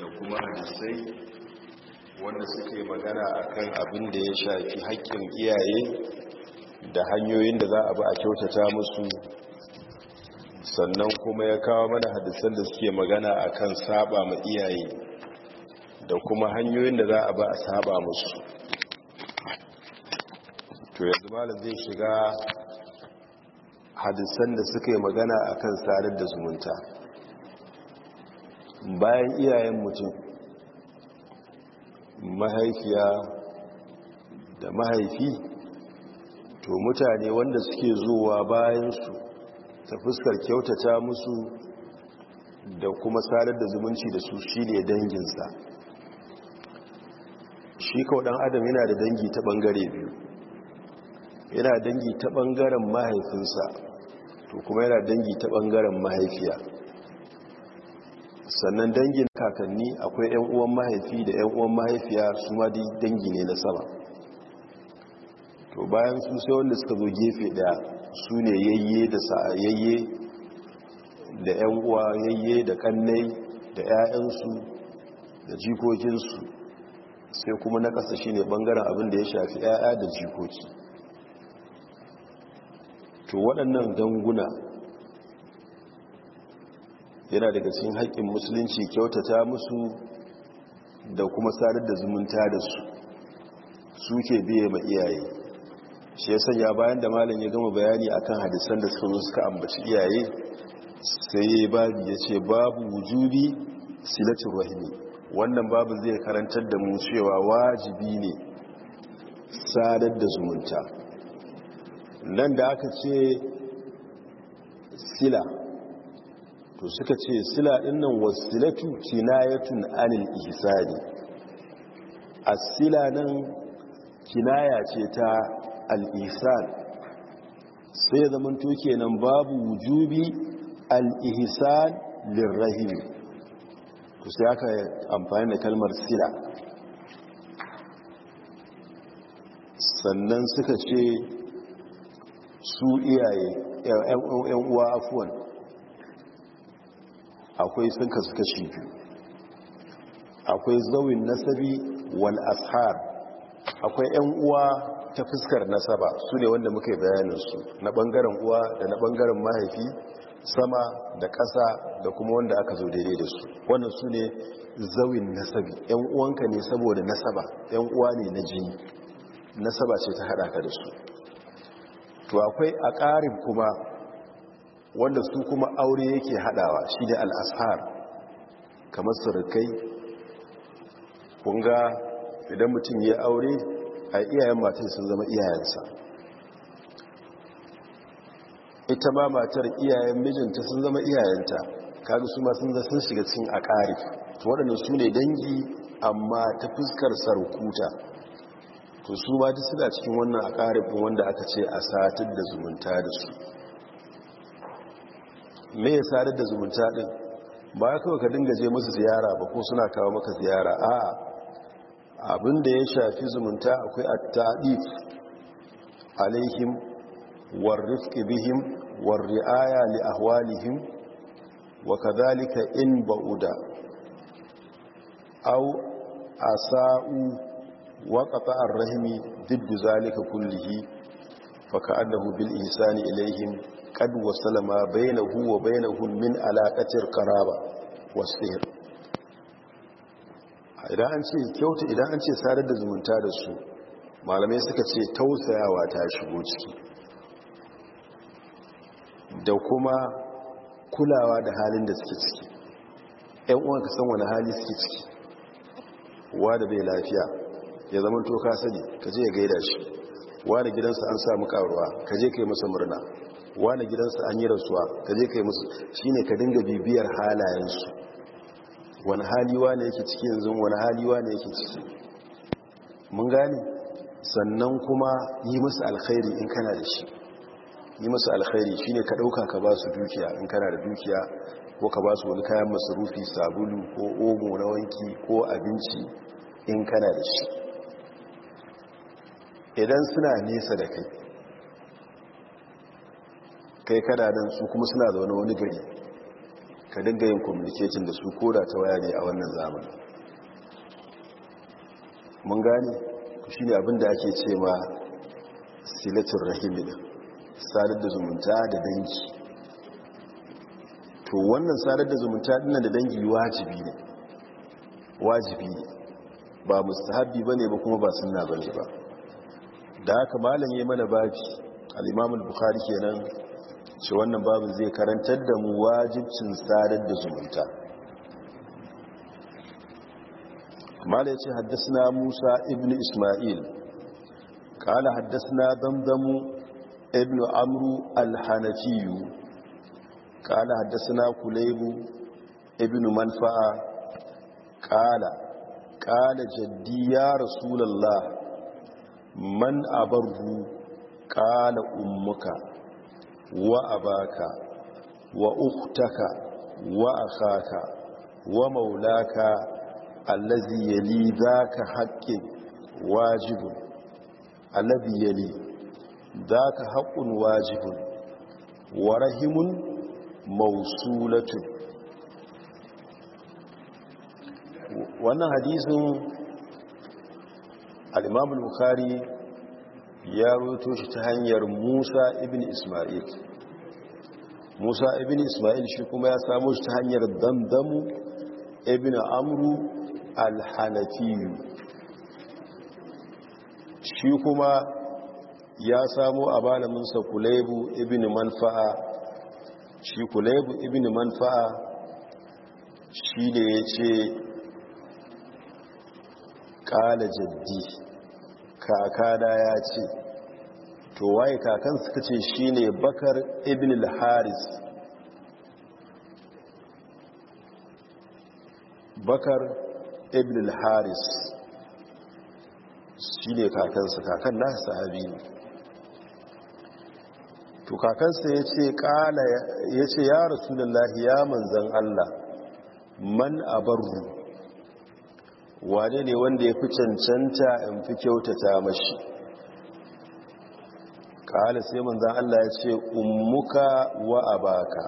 da kuma hadisai wanda suke magana akan abin da ya shafi haƙƙin iyaye da hanyoyin da za a ba a kyautata musu sannan kuma ya kawo mana hadisan da suke magana akan saba ma iyaye da kuma hanyoyin da za a ba a saba musu to yanzu malam zai shiga hadisan da suka yi magana a kan sadar da zumunta bayan iyayen mutum mahaifiya da mahaifi to mutane wanda suke zuwa bayansu ta fuskar kyautata musu da kuma sadar da zumunci da su shi ne danginsa shi dan adam yana da dangi ta ɓangare biyu yana dangi ta ɓangaren mahaifinsa to kuma yana dangi ta bangaren mahaifiya sannan dangin kakanni akwai 'yan uwan mahaifi da 'yan uwan mahaifiya su ma dangi ne na sama to bayan su sai wanda suka zo gefe da su ne yayye da sa'ayayye da 'yan uwa yayye da kannai da 'ya'yansu da jikokinsu sai kuma na ƙasa shi ne ɓangaren abin da ya shafi 'ya'ya da jikoki to waɗannan ganguna yana daga cikin haƙƙin musulunci kyautata musu da kuma sadar da zumunta da su suke biye ma iyaye shi ya sanya bayan da malam ya gama bayani akan hadisan da suka zo suka ambaci iyaye sai ya babu ya ce babu wujubi silatin rahimi wannan babu zai karantar da mu cewa wajibi ne sadar da zumunta nan da aka ce sila to suka ce sila dinnan wasilatu kinayatun anil ihsani as-sila nan kinaya ce ta al-ihsan sai zaman to kenan babu wujubi al-ihsan lirrahim to sai aka amfani da kalmar sila sannan suka ce su iyaye yan uwa afuwan akwai sun kasu kashi biyu akwai zawin nasabi wal ashar akwai yan uwa ta fuskar nasaba su ne wanda muka yi bayaninsu na bangaren uwa da na bangaren mahaifi sama da ƙasa da kuma wanda aka zo daidai da su wannan su ne zawin nasabi yan uwanka ne saboda nasaba yan uwa ne na jini nasaba ce ta haɗa ka da su to akwai a ƙarin kuma wanda su kuma aure yake haɗawa shi da al'ashar kamar surukai ƙunga, idan mutum ya aure a iyayen matar sun zama iyayensa ita ma matar iyayen mijinta sun zama iyayenta kaga su ma zai sun shiga cikin akari waɗannan su ne dangi amma ta fuskar sarkuta to su ba suna cikin wannan a ƙarifin wanda aka ce a satar da zumunta da su me ya sadar da zumunta ɗin ba ya kawai ka dinga je masu ziyara ba ko suna kawo maka ziyara a abin da ya shafi zumunta akwai a taɗif alaihim warrifki bihim warri'aya li ahwalihim wa kazalika in ba'uda a asa'u waƙaƙa an rahimi diddu zalika kullihi faka annahu bil ihsani ilaihim qad wasalama bainahu wa bainahum idan an ce kyauta idan an ce sadar da zumunta da su malamai suka ce tausayawa ta shigo ciki da kuma kulawa da halin da suke ciki 'yan uwan ka san wani hali suke ciki wa da bai lafiya ya zama to ka sani ka je ya gaida shi wani gidansa an samu karuwa ka je kai masa murna wani gidansa an yi rasuwa ka je kai masa ne ka dinga bibiyar halayensu wani haliwa ne yake ciki yanzu wani haliwa ne yake ciki mun gane sannan kuma yi masa alkhairi in kana da shi yi masa alkhairi ne ka dauka ka ba su dukiya in kana da dukiya ko ka ba su wani kayan masarufi sabulu ko omo na wanki ko abinci in kana da shi idan suna nesa da kai kai kada nan su kuma suna da wani wani gari ka dinga yin communication da su koda ta waya ne a wannan zamani mun gane shi ne abinda ake ce ma silatin rahimin sadar da zumunta da dangi to wannan sadar da zumunta dina da dangi wajibi ne wajibi ne ba musta bane ba kuma ba sunna ne ba da haka malam yi mana babi al'imamul bukhari kenan shi wannan babin zai karantar da mu wajibcin sadar da zumunta malam ya ce haddasa musa ibn ismail kala haddasa damdamu ibn amru alhanafiyu kala haddasa kulaibu ibn manfa'a kala kala jaddi ya rasulallah man abarhu qala ummuka wa abaka wa ukhtaka wa akhaka wa maulaka allazi yali zaka haqqin wajibun allazi yali zaka haqqun wajibun wa rahimun mawsulatun wannan hadisin al'imamul bukhari ya roto shi ta hanyar musa ibn ismail musa ibn ismail shi kuma ya samu shi ta hanyar damdamu ibn amru alhanafiyu shi kuma ya samu a balaminsa kulebu ibn manfa'a shi kulebu ibn manfa'a shi ne ya ce ƙala jaddi kakana ya ce to waye kakan suka ce shi ne bakar ibn al-haris bakar ibn al-haris shi ne kakansa kakan na sahabi ne to kakansa ya ce kala ya ce ya rasu ya manzan allah man abarru wane ne wanda ya fi cancanta in fi kyautata mashi ƙala sai manzan Allah ya ce ummuka wa abaka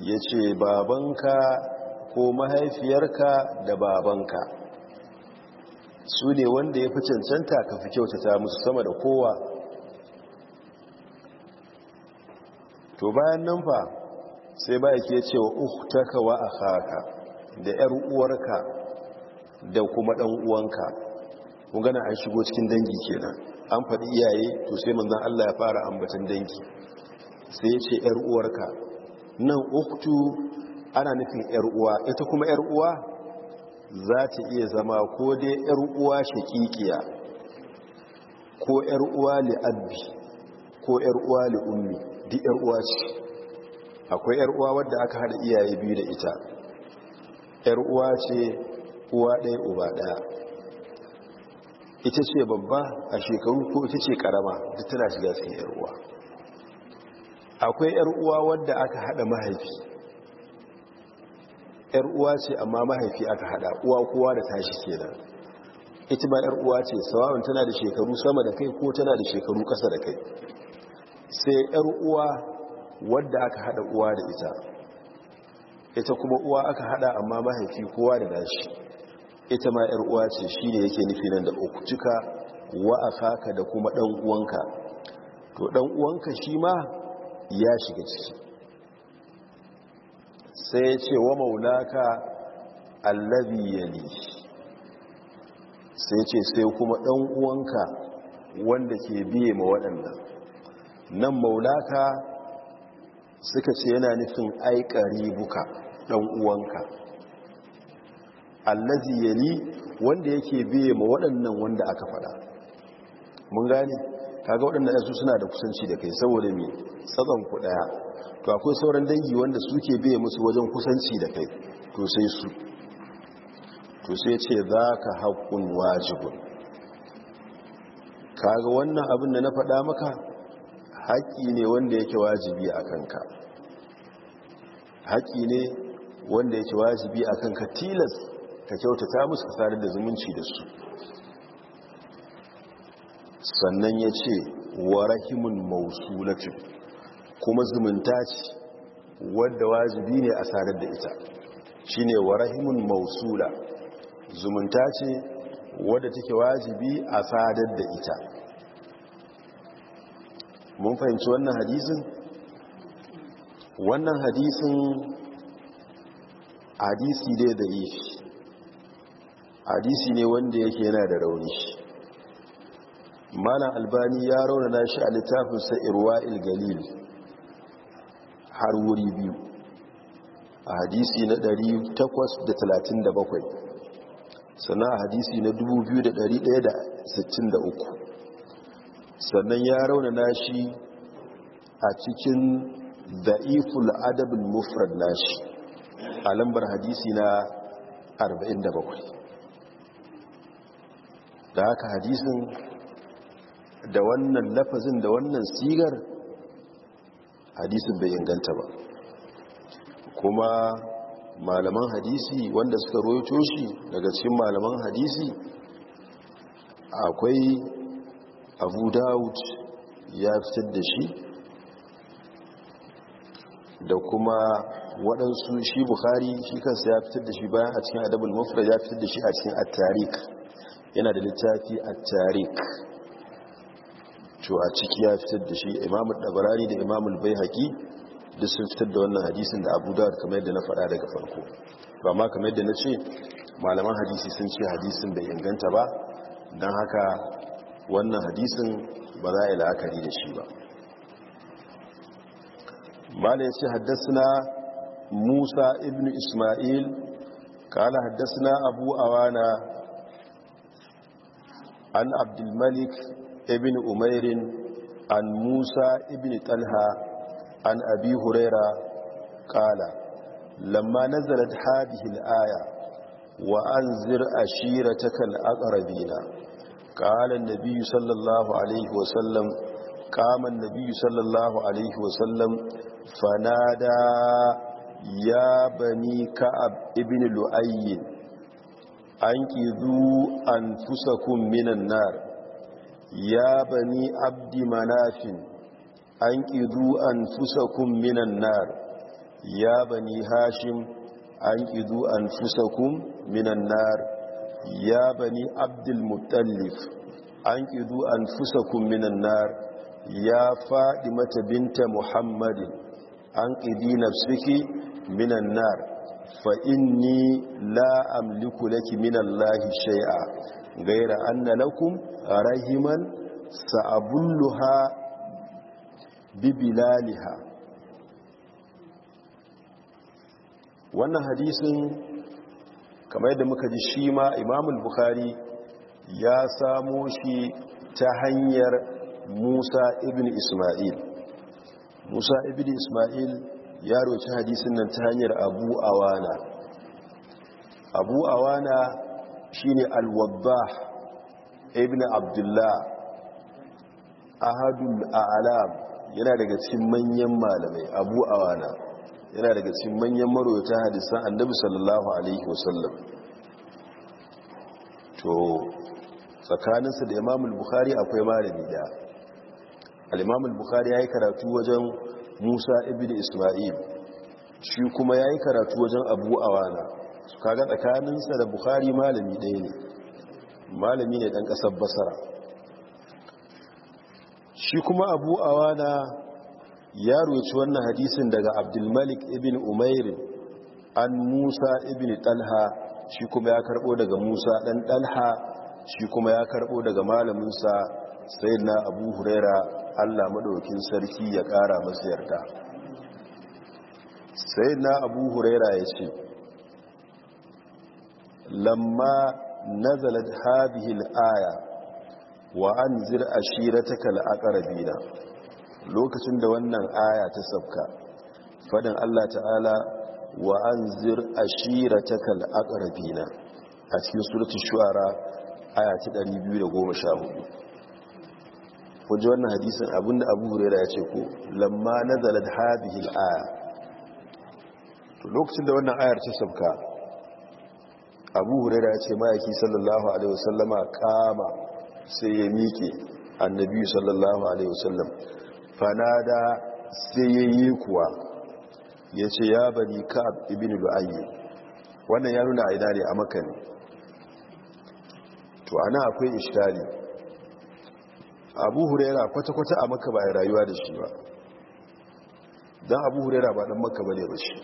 ya ce babanka ko mahaifiyarka da babanka su ne wanda ya fi cancanta ka fi kyautata musu sama da kowa to bayan nan fa sai ba ya ke cewa uhtaka wa haka da 'yar uwarka da kuma ɗan uwanka kun gana an shigo cikin dangi kenan an faɗi iyaye to sai manzan Allah ya fara ambatan dangi sai ya ce ‘yar uwarka nan uktu ana nufin ‘yar uwa ita kuma ‘yar uwa za ta iya zama ko dai ‘yar uwa shaƙiƙiya ko ‘yar uwa li'abbi ko ‘yar uwa li'ummi di ‘yar uwa ce akwai ‘yar uwa wadda aka haɗa iyaye biyu da ita ‘yar uwa ce uwa ɗaya uba ɗaya ita ce babba a shekaru ko ita ce ƙarama, duk tana shiga cikin yar uwa akwai ƴar uwa wadda aka haɗa mahaifi ƴar uwa ce amma mahaifi aka haɗa uwa kowa da tashi nan ita ma ƴar uwa ce sawa'un tana da shekaru sama da kai ko tana da shekaru ƙasa da kai sai ƴar uwa wadda aka haɗa uwa da ita ita kuma uwa aka haɗa, amma mahaifi kowa da tashi. ita ma ‘yar uwa ce shi ne yake nufi nan da ukutuka wa'afaka da kuma ɗan uwanka to ɗan uwanka shi ma ya shiga ciki sai ya ce wa maulaka allabi yali sai ce sai kuma ɗan uwanka wanda ke biye ma waɗannan nan maulaka suka ce yana nufin aikari buka ɗan uwanka allazi yali wanda yake biye ma waɗannan wanda aka faɗa mun gane kaga waɗannan su suna da kusanci da kai saboda me tsakan ku daya to akwai sauran dangi wanda suke biye musu wajen kusanci da kai to sai su to sai ce zaka haqqun wajibun kaga wannan abin da na faɗa maka haƙi ne wanda yake wajibi a kanka haƙi ne wanda yake wajibi a kanka tilas ka kyautata musu ka sadar da zumunci da su sannan ya ce wa rahimun mausulatin kuma zumunta ce wadda wajibi ne a sadar da ita ne wa rahimun mausula zumunta ce wadda take wajibi a sadar da ita mun fahimci wannan hadisin wannan hadisin hadisi dai da ishi hadisi ne wanda yake yana da rauni malam albani ya rauna shi a littafin sa irwa galil har wuri biyu a hadisi na 837 sannan a hadisi na 2163 sannan ya rauna shi a cikin da'iful adabin mufrad nashi a lambar hadisi na 47 da haka hadisin da wannan lafazin da wannan sigar hadisin bai inganta ba kuma malaman hadisi wanda suka roto shi daga cikin malaman hadisi akwai abu dawud ya fitar da shi da kuma waɗansu shi buhari shi kansa ya fitar da shi bayan a cikin adabul mufrad ya fitar da shi a cikin Attarik. yana da littafi a tarik cewa ciki ya fitar da shi imamul dabarari da imamul bai haƙi duk sun fitar da wannan hadisin da abu da kamar yadda na faɗa daga farko ba ma kamar yadda na ce malaman hadisi sun ce hadisin bai inganta ba don haka wannan hadisin ba za a yi la'akari da shi ba mala ya ce haddasa musa ibn ismail kala haddasa abu awana an abdulmalik ibn umairin an musa ibn talha an abi huraira kala lamma nazarat hadihil aya wa anzir ashiratakal aqrabina qala an-nabiy sallallahu alaihi wa sallam qama an sallallahu alaihi wa sallam fanada ya bani ka'ab ibn lu'ayyin an ƙizu an fusakun minan nar ya bani abdi manafin an ƙizu an fusakun minan nar ya bani hashim an ƙizu an fusakun minan nar ya bani abdulmuttallif an ƙizu an fusakun minan nar ya faɗi mata binta muhammadin an ƙidi nafsiki minan nar fa inni la amliku laki minallahi shay'a gaira anna lakum rahiman sa'abulluha bibilaliha wannan hadisin kamar yadda muka ji shi ma imamul bukhari ya samo shi ta hanyar musa ibn ismail musa ibn ismail ya roci hadisin nan ta hanyar abu awana abu awana ne alwabba ibn abdullah ahadul a'lam yana daga cikin manyan malamai abu awana yana daga cikin manyan marota hadisan annabi sallallahu alaihi wasallam to tsakaninsa da imamul bukhari akwai malami da al-imamul bukhari yi karatu wajen musa Ibin isma'il shi kuma ya yi karatu wajen abu awana kaga tsakaninsa da bukhari malami ɗaya ne malami ne ɗan ƙasar basara shi kuma abu wana ya roci wannan hadisin daga abdulmalik ibn umairu an musa ibn ɗalha shi kuma ya karɓo daga musa ɗan ɗalha shi kuma ya karɓo daga malaminsa na abu huraira allah maɗaukin sarki ya ƙara masu yarda sai na abu huraira ya ce lamma nazalat hadihil aya wa an ashirataka al'aqrabina lokacin da wannan aya ta sabka fadin Allah ta'ala wa an zir ashirataka al'aqrabina a cikin suratul shu'ara aya ta 214 ku ji wannan hadisin abinda abu huraira ya ce ku lamma nazalat hadhihi al-aya to lokacin da wannan ayar ta sabka abu huraira ya ce mayaki sallallahu alaihi wasallama kama sai ya miƙe annabi sallallahu alaihi wasallam fanada sai ya yi kuwa ya ce ya bari ka'ab ibn lu'ayyi wannan ya nuna a ina ne a makani to ana akwai ishtari abu huraira kwata-kwata a maka bayan rayuwa da shi ba don abu huraira ba don maka ba ne ba shi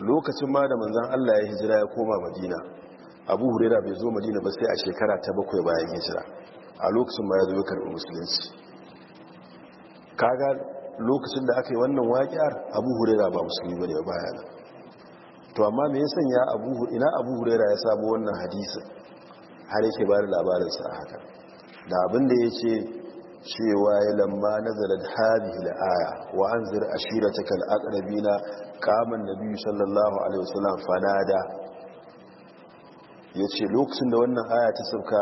lokacin ma da manzan allah ya hijira ya koma madina abu huraira bai zo madina ba sai a shekara ta bakwai bayan hijira a lokacin ma ya zo karɓi musulunci kaga lokacin da aka yi wannan waƙiyar abu huraira ba musulmi ba ne ba yana to amma me ya sanya ina abu huraira ya sabo wannan hadisin har yake ba labarin labarinsa a haka da abinda ya ce cewa ya lamma nazarar hadihi da aya wa an zira a shira ta kal'akarabi na kamun biyu sallallahu alaihi wasallam fanada ya ce lokacin da wannan aya ta sauka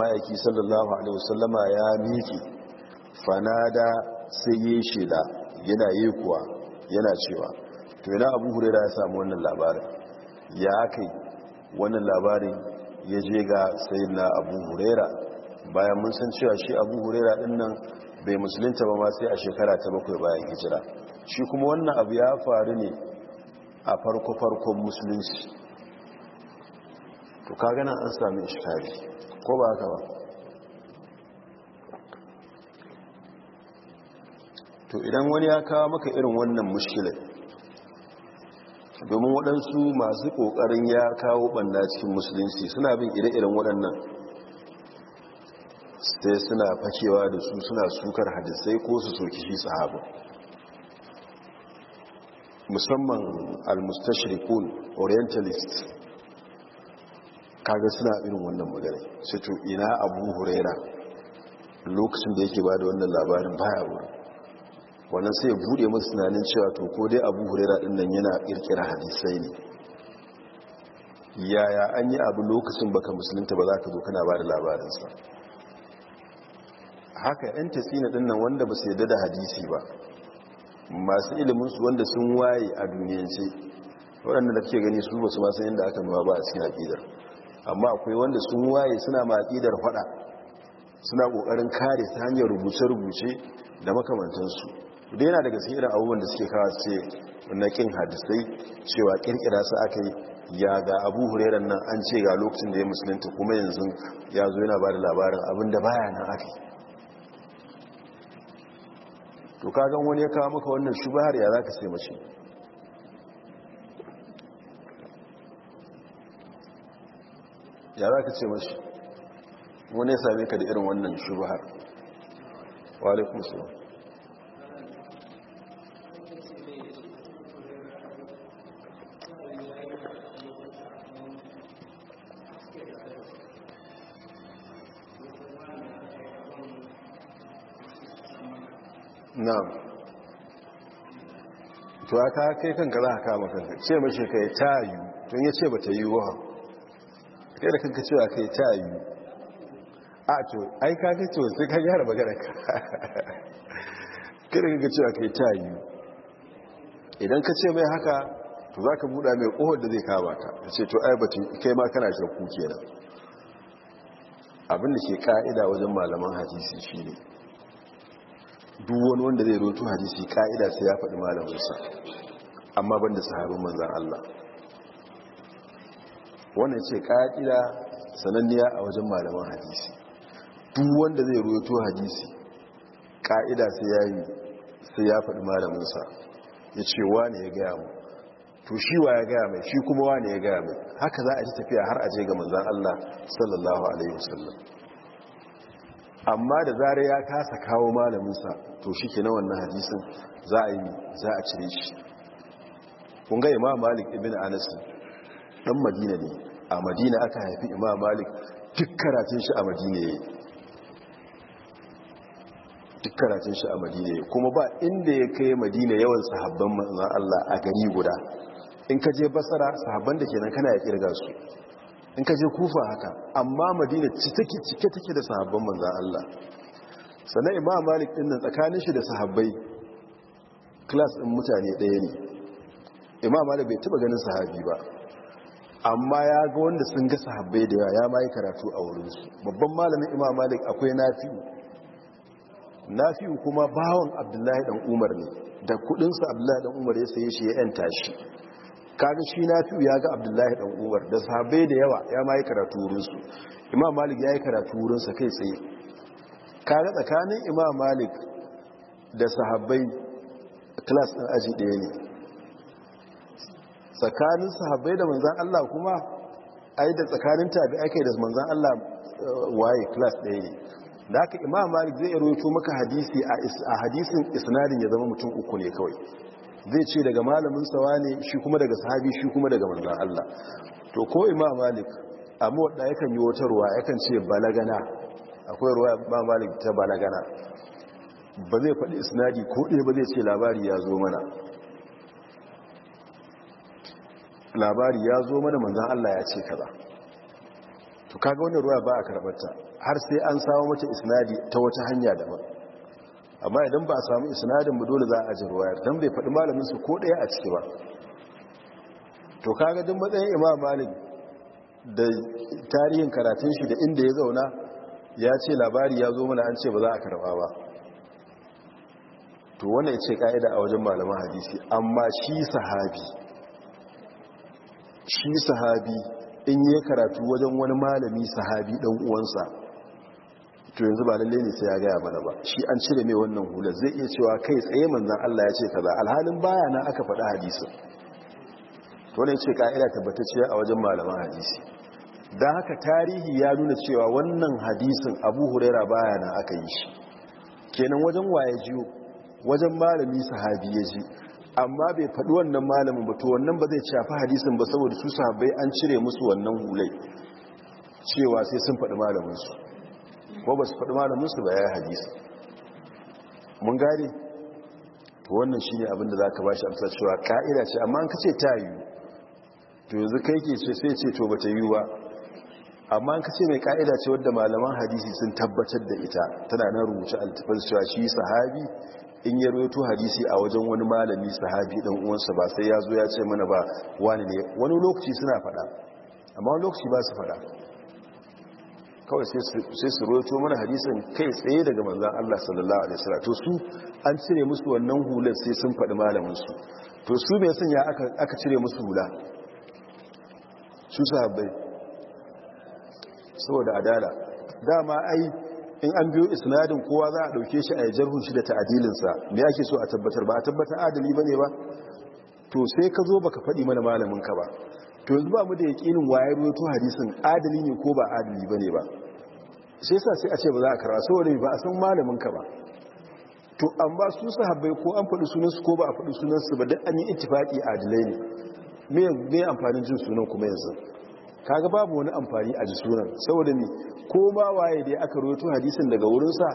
ma'aiki sallallahu alaihi wasallama ya miki fanada sai yi shida yana yi kuwa yana cewa to yana abu hurera ya samu wannan labarin ya kai wannan labarin ya je ga na abu hurera bayan mun san cewa shi abu hurera din nan bai musulunta ba ma sai a shekara ta bakwai bayan hijira shi kuma wannan abu ya faru ne a farko-farkon musulunci to ka nan an sami ishkari ko ba haka ba to idan wani ya kawo maka irin wannan mushkilai domin waɗansu masu ƙoƙarin ya kawo ɓanna cikin musulunci suna bin ire-iren waɗannan sai suna fakewa da su suna sukar hadisai ko su soki shi sahaba musamman al-mustashriqun orientalist kaga suna irin wannan magana sai to ina abu huraira lokacin da yake ba da wannan labarin baya wurin wannan sai ya bude masu tunanin cewa to ko dai abu hurera din nan yana kirkira hadisai ne yaya an yi abu lokacin baka musulunta ba za ka zo kana bada da labarinsa haka 'yan tasina din nan wanda ba su da hadisi ba masu iliminsu wanda sun waye a duniyance waɗanda da ke gani su ba su masu yadda aka nuna ba a cikin aƙidar amma akwai wanda sun waye suna ma aƙidar faɗa suna ƙoƙarin kare ta hanyar rubuce-rubuce da makamantansu da yana daga cikin irin abubuwan da suke kawo ce na kin hadisai cewa kirkira su aka yi ya ga abu hurairar nan an ce ga lokacin da ya musulunta kuma yanzu ya zo yana ba da labarin abin da baya nan aka yi to kagan wani ya kawo maka wannan shubahar ya za ka sai mace ya za ka ce mace wani ya same ka da irin wannan shubahar wa alaikun na'am to aka kai kanka za a kama kanka ce mace kai ta yi tun ya ce ba ta yi wa kai da kanka cewa kai ta yi a to ai ka kai to sai ka gyara magana ka kai da kanka cewa kai ta yi idan ka ce mai haka to za ka buɗa mai ƙohon da zai kama ta ta ce to ai ba kai ma kana shakku kenan abin da ke ka'ida wajen malaman hadisi shine ne duk wani wanda zai roto hadisi ka'ida sai ya faɗi malaminsa amma ban da sahabin manzan Allah wanda ce ka'ida sananniya a wajen malaman hadisi duk wanda zai roto hadisi ka'ida sai ya yi sai ya faɗi malaminsa ya ce wa ne ya gaya mu to shi wa ya gaya mai shi kuma wa ne ya gaya mai haka za a ji tafiya har a je ga manzan Allah sallallahu alaihi wasallam amma da zare ya kasa kawo malaminsa to shi ke na wannan hadisin za a yi za a cire shi kunga imam malik ibn anas dan madina ne a madina aka haifi imam malik duk karatun shi a madina ya yi duk karatun shi a madina ya kuma ba inda ya kai madina yawan sahabban manzan allah a gari guda in ka je basara sahabban da ke nan kana ya kirga su in ka je kufa haka amma madina cike cike take da sahabban manzan Allah sannan imam malik din tsakanin shi da sahabbai class din mutane ɗaya ne imam malik bai taba ganin sahabi ba amma ya ga wanda sun ga sahabbai da yawa ya ma yi karatu a wurinsu babban malamin imam malik akwai nafi'u nafi'u kuma bawan abdullahi dan umar ne da kudinsa abdullahi dan umar ya saye shi ya yanta shi kaga shi na fi ya ga abdullahi ɗan umar da sabe da yawa ya ma yi karatu wurinsu imam malik ya yi karatu wurinsa kai tsaye kaga tsakanin imam malik da sahabbai klas ɗin aji ɗaya ne tsakanin sahabbai da manzan allah kuma ai da tsakanin tabi ake da manzan allah eh, waye klas ɗaya ne da haka imam malik zai roto maka hadisi a hadisin isnadin ya zama mutum uku ne kawai zai ce daga malamin sawa ne shi kuma daga sahabi shi kuma daga manzan Allah to ko imam malik amma wadda yakan yi wata ruwa yakan ce balagana akwai ruwa imam malik ta balagana ba zai faɗi isnadi ko ɗaya ba zai ce labari ya zo mana labari ya zo mana manzan Allah ya ce kaza to kaga wannan ruwa ba a karɓarta har sai an samu mata isnadi ta wata hanya daban amma idan ba a samu isnadin ba dole za a ji ruwayar don bai faɗi malamin su ko ɗaya a ciki ba to kaga duk matsayin imam malik da tarihin karatun shi da inda ya zauna ya ce labari ya zo mana an ce ba za a karba ba to wannan ce ka'ida a wajen malaman hadisi amma shi sahabi shi sahabi in yi karatu wajen wani malami sahabi ɗan uwansa to yanzu ba lalle ne sai ya gaya mana ba shi an cire mai wannan hular zai iya cewa kai tsaye manzan Allah ya ce za, alhalin baya na aka faɗi hadisi to ne ce ka'ida tabbatacciya a wajen malaman hadisi don haka tarihi ya nuna cewa wannan hadisin abu huraira baya na aka yi shi kenan wajen waye jiyo wajen malami sahabi ya ji amma bai faɗi wannan malamin ba to wannan ba zai shafi hadisin ba saboda su sahabbai an cire musu wannan hulai cewa sai sun faɗi malaminsu ko ba su faɗi malaminsu ba ya yi hadisi mun gane to wannan shi ne abinda za ka ba shi amsa cewa ka'ida ce amma an ka ce ta yiwu to yanzu kai ke ce sai ce to ba ta yiwu ba amma an ka ce mai ka'ida ce wadda malaman hadisi sun tabbatar da ita tana nan rubuce altafan cewa shi sahabi in ya roto hadisi a wajen wani malami sahabi ɗan uwansa ba sai ya zo ya ce mana ba wani ne wani lokaci suna faɗa amma wani lokaci ba su faɗa kawai sai su roto mana hadisun kai tsaye daga manzan Allah sallallahu alaihi wasallam to su an cire musu wannan hular sai sun faɗi malaminsu. to su mai sun ya aka cire musu hula su sahabbai saboda adala dama ai in an biyo isnadin kowa za a ɗauke shi a yajar shi da ta'adilinsa. sa me yake so a tabbatar ba a tabbatar adali ne ba to sai ka zo baka faɗi mana malaminka ba to yanzu ba mu da yaƙinin wayar ruwaito hadisin adali ne ko ba adali ba ne ba shi yasa sai a ce ba za a kara saboda ba a san malamin ka ba to amma su sahabbai ko an faɗi sunan su ko ba a faɗi sunan su ba duk an yi a adilai ne me amfanin jin sunan kuma yanzu kaga babu wani amfani a ji sunan saboda ni ko ma waye dai aka rawaito hadisin daga wurin sa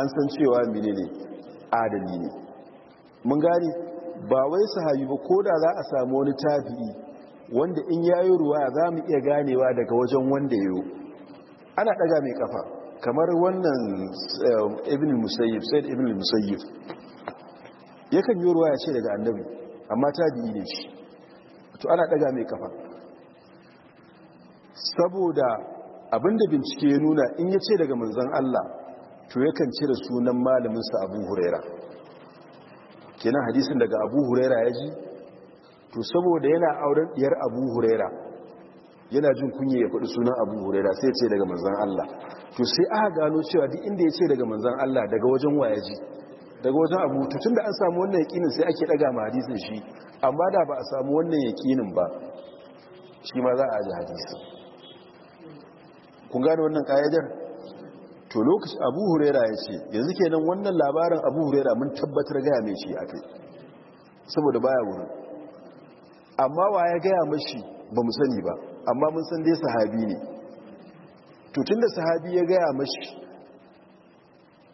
an san cewa menene adali ne mun gane ba wai sahabi ba ko da za a samu wani tabi'i wanda in yayi ruwa za mu iya ganewa daga wajen wanda yayo ana ɗaga mai kafa kamar wannan eh, ibn musayyib said ibn musayyib yakan yi ruwa ya ce daga annabi amma ta tabi'i ne shi to ana daga mai kafa saboda abinda bincike ya nuna in ya ce daga manzon Allah to yakan cire sunan malaminsa Abu Huraira kenan hadisin daga Abu Huraira ya ji to saboda yana auren diyar Abu Huraira yana jin kunye ya faɗi sunan abu huraira sai ce daga manzan Allah to sai aka gano cewa duk inda ya ce daga manzan Allah daga wajen ji, daga wajen abu tutun da an samu wannan yakinin sai ake daga ma hadisin shi amma da ba a samu wannan yakinin ba shi ma za a ji hadisi kun gane wannan ƙa'idar to lokaci abu huraira ya ce yanzu kenan wannan labarin abu huraira mun tabbatar gaya mai shi a kai saboda baya wurin amma wa ya gaya mashi ba mu sani ba amma mun san dai sahabi ne tutun da sahabi ya gaya mashi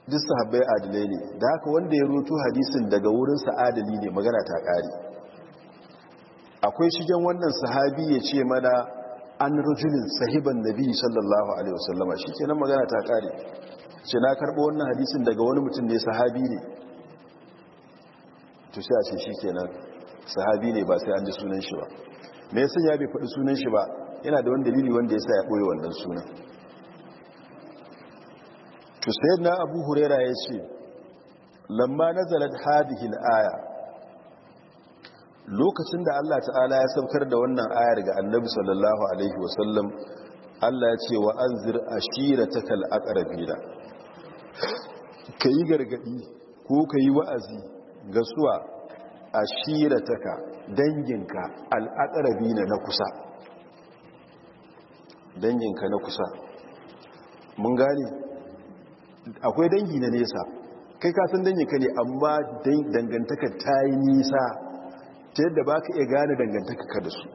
duk sahabbai adalai ne da haka wanda ya roto hadisin daga wurinsa adali ne magana ta ƙari akwai shigen wannan sahabi ya ce mana an rujulin sahiban nabi sallallahu alaihi wasallama shi nan magana ta ƙari ce na karɓo wannan hadisin daga wani mutum ne sahabi ne to sai a ce shi nan sahabi ne ba sai an ji sunan shi ba Mai yasa ya bai faɗi sunan shi ba yana da wani dalili wanda ya sa ya ɓoye wannan sunan to na abu huraira ya ce lamma na hadhihi hadihin aya lokacin da Allah ta'ala ya saukar da wannan ayar ga annabi sallallahu alaihi wasallam Allah ya ce wa anzir da. Ka yi gargaɗi ko ka yi wa'azi ga suwa ashirataka danginka al'aqrabi na kusa danginka na kusa mun gane akwai dangi na nesa kai kasan san danginka ne amma dangantaka ta yi nisa ta yadda ba ka iya gane dangantaka ka da su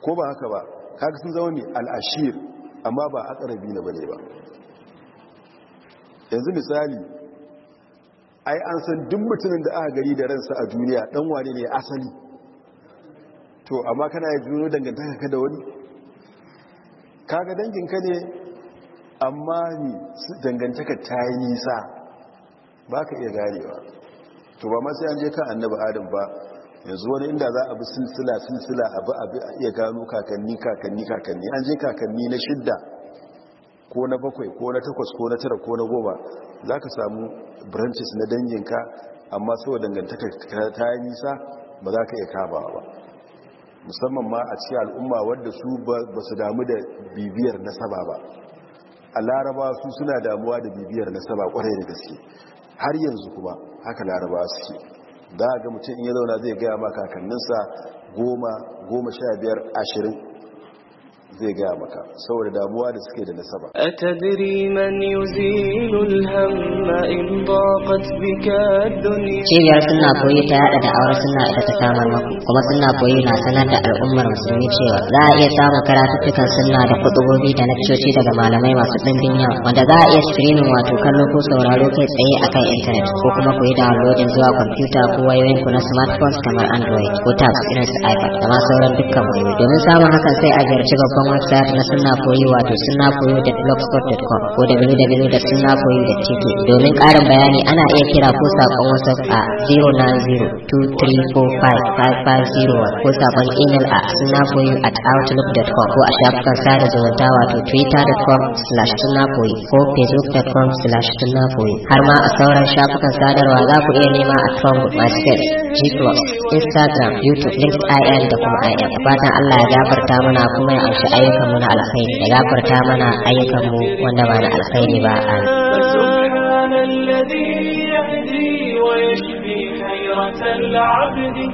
ko ba haka ba kaga sun zama mai al'ashir amma ba a ƙarabi na bane ba yanzu misali ai an san duk mutumin da aka gari da ransa a duniya dan wane ne asali to amma kana yi juno dangantaka ka da wani kaga danginka ne amma ni dangantaka ta yi nisa ba ka iya garewa to ba masu an je kan annaba adam ba yanzu wani inda za a bi silsila silsila abu abu a iya gano kakanni kakanni kakanni an je kakanni na shidda ko na bakwai ko na takwas ko na tara ko na goma za ka samu branches na danginka amma sau dangantaka ta yi nisa ba za ka iya kama ba musamman ma a cikin al'umma wadda su ba su damu da bibiyar nasaba ba a laraba su suna damuwa da bibiyar nasaba kwarai da gaske har yanzu kuma haka laraba suke za a ga mutum in ya zauna zai gaya ma kakanninsa goma goma sha biyar ashirin zai gaya maka saboda damuwa da suke da nasaba atadri man yuzilu alhamma in daqat bika dunya cibiyar suna koyi ta yada da aure suna ita ta samar maku kuma suna koyi na sanar da al'ummar musulmi cewa za a iya samun karatuttukan sunna da kudubobi da lakcoci daga malamai masu dimbin yawa wanda za a iya screening wato kallo ko sauraro kai tsaye akan internet ko kuma koyi downloading zuwa kwamfuta ko wayoyin ku na smartphones kamar android ko tabs irin su ipad da ma sauran dukkan wayoyi domin samun hakan sai a ziyarci babban sabon website na suna koyo wato suna koyo.blogspot.com ko www.sunnakoyo.tk domin ƙarin bayani ana iya kira ko saƙon whatsapp a 09023455501 ko saƙon email a suna koyo at outlook.com ko a shafukan sada zumunta wato twitter.com slash suna koyo ko facebook.com slash suna koyo har ma a sauran shafukan sadarwa za ku iya nema a Trump MySpace, G+, Instagram, YouTube, LinkedIn da kuma IM. Fatan Allah ya gafarta mana kuma ya amshi ayyukanmu na alkhairi da gafarta mana ayyukanmu wanda ba na alkhairi ba a الذي يهدي ويشفي حيرة العبد